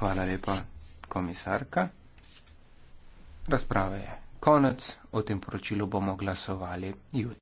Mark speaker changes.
Speaker 1: Hvala lepa, komisarka. Razprave je konec, o tem poročilu bomo glasovali jutri.